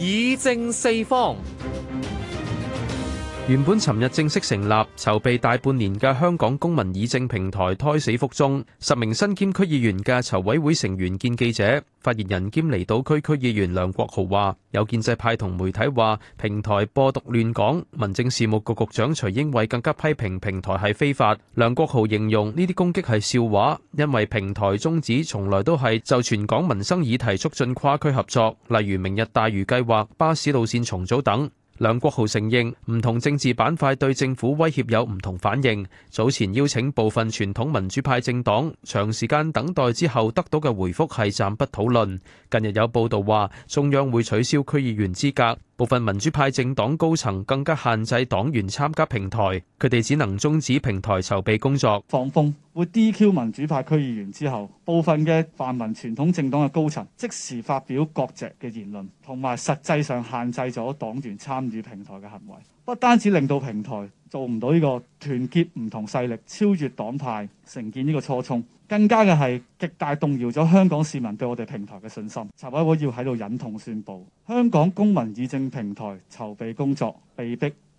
議政四方。原本尋日正式成立、籌備大半年嘅香港公民議政平台胎死腹中。十名身兼區議員嘅籌委會成員見記者，發言人兼離島區區議員梁國豪話：有建制派同媒體話平台播毒亂港，民政事務局局局長徐英偉更加批評平台係非法。梁國豪形容呢啲攻擊係笑話，因為平台宗旨從來都係就全港民生議題促進跨區合作，例如明日大嶼計劃、巴士路線重組等。梁國豪承認，唔同政治板塊對政府威脅有唔同反應。早前邀請部分傳統民主派政黨，長時間等待之後得到嘅回覆係暫不討論。近日有報道話，中央會取消區議員資格。部分民主派政黨高層更加限制黨員參加平台，佢哋只能終止平台籌備工作。放風會 DQ 民主派區議員之後，部分嘅泛民傳統政黨嘅高層即時發表割席嘅言論，同埋實際上限制咗黨員參與平台嘅行為。不單止令到平台做唔到呢個團結唔同勢力、超越黨派、承建呢個初衷，更加嘅係極大動搖咗香港市民對我哋平台嘅信心。籌委會要喺度忍痛宣布，香港公民議政平台籌備工作被逼，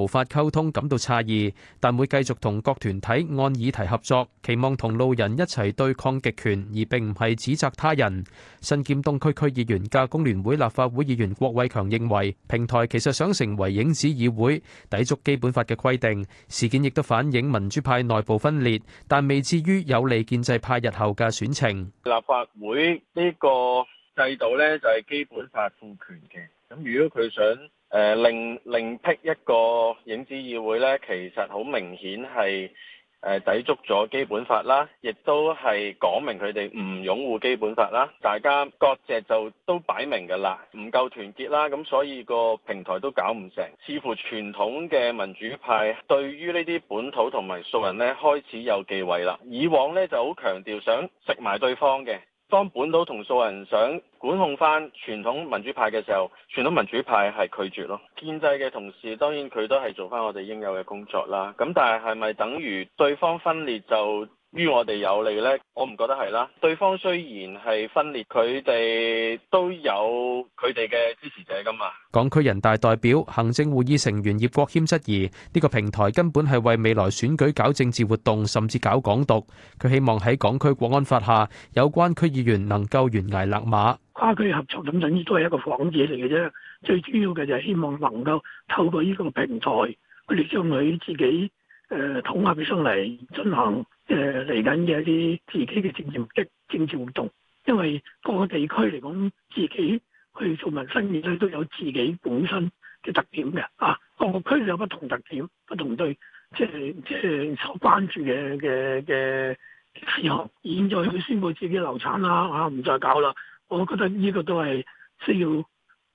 無法溝通感到詫異，但會繼續同各團體按議題合作，期望同路人一齊對抗極權，而並唔係指責他人。身兼東區區議員嘅工聯會立法會議員郭偉強認為，平台其實想成為影子議會，抵觸基本法嘅規定。事件亦都反映民主派內部分裂，但未至於有利建制派日後嘅選情。立法會呢個制度呢就係基本法賦權嘅，咁如果佢想，誒、呃、另另闢一個影子議會咧，其實好明顯係誒抵觸咗基本法啦，亦都係講明佢哋唔擁護基本法啦。大家各隻就都擺明㗎啦，唔夠團結啦，咁所以個平台都搞唔成。似乎傳統嘅民主派對於呢啲本土同埋素人咧，開始有忌諱啦。以往咧就好強調想食埋對方嘅。當本土同素人想管控翻傳統民主派嘅時候，傳統民主派係拒絕咯。建制嘅同事當然佢都係做翻我哋應有嘅工作啦。咁但係係咪等於對方分裂就於我哋有利咧，我唔覺得係啦。對方雖然係分裂，佢哋都有佢哋嘅支持者噶嘛。港區人大代表、行政會議成員葉國謙質疑呢個平台根本係為未來選舉搞政治活動，甚至搞港獨。佢希望喺港區國安法下，有關區議員能夠懸崖勒馬。跨區合作咁等等都係一個幌子嚟嘅啫。最主要嘅就係希望能夠透過呢個平台，佢哋將佢自己誒統合起上嚟進行。誒嚟緊嘅一啲自己嘅政治目的、政治活動，因為各個地區嚟講，自己去做民生業咧，都有自己本身嘅特點嘅啊。各個區有不同特點，不同對即係即係所關注嘅嘅嘅內容。現在去宣布自己流產啦，嚇、啊、唔再搞啦。我覺得呢個都係需要誒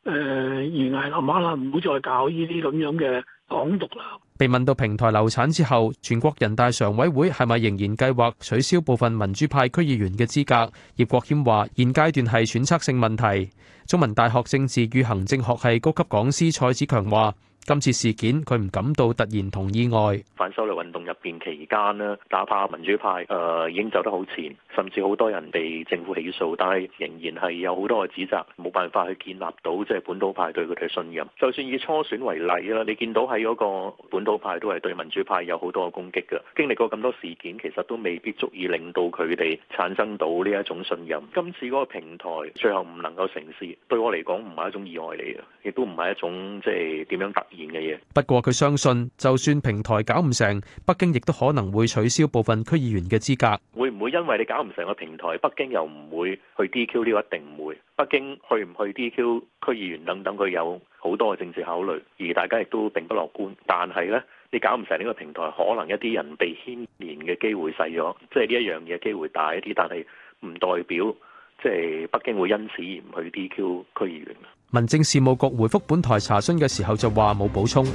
懸崖勒馬啦，唔、呃、好再搞呢啲咁樣嘅港獨啦。被問到平台流產之後，全國人大常委會係咪仍然計劃取消部分民主派區議員嘅資格？葉國謙話：現階段係揣測性問題。中文大學政治與行政學系高級講師蔡子強話。今次事件佢唔感到突然同意外，反修例運動入邊期間咧，哪怕民主派，誒、呃、已經走得好前，甚至好多人被政府起訴，但係仍然係有好多嘅指責，冇辦法去建立到即係本土派對佢哋嘅信任。就算以初選為例啦，你見到喺嗰個本土派都係對民主派有好多嘅攻擊㗎。經歷過咁多事件，其實都未必足以令到佢哋產生到呢一種信任。今次嗰個平台最後唔能夠成事，對我嚟講唔係一種意外嚟嘅，亦都唔係一種即係點樣突。嘅嘢。不過佢相信，就算平台搞唔成，北京亦都可能會取消部分區議員嘅資格。會唔會因為你搞唔成個平台，北京又唔會去 DQ 呢個？一定唔會。北京去唔去 DQ 區議員等等，佢有好多嘅政治考慮。而大家亦都並不樂觀。但係呢，你搞唔成呢個平台，可能一啲人被牽連嘅機會細咗。即係呢一樣嘢機會大一啲，但係唔代表。即係北京會因此而唔去 DQ 區議員。民政事務局回覆本台查詢嘅時候就話冇補充。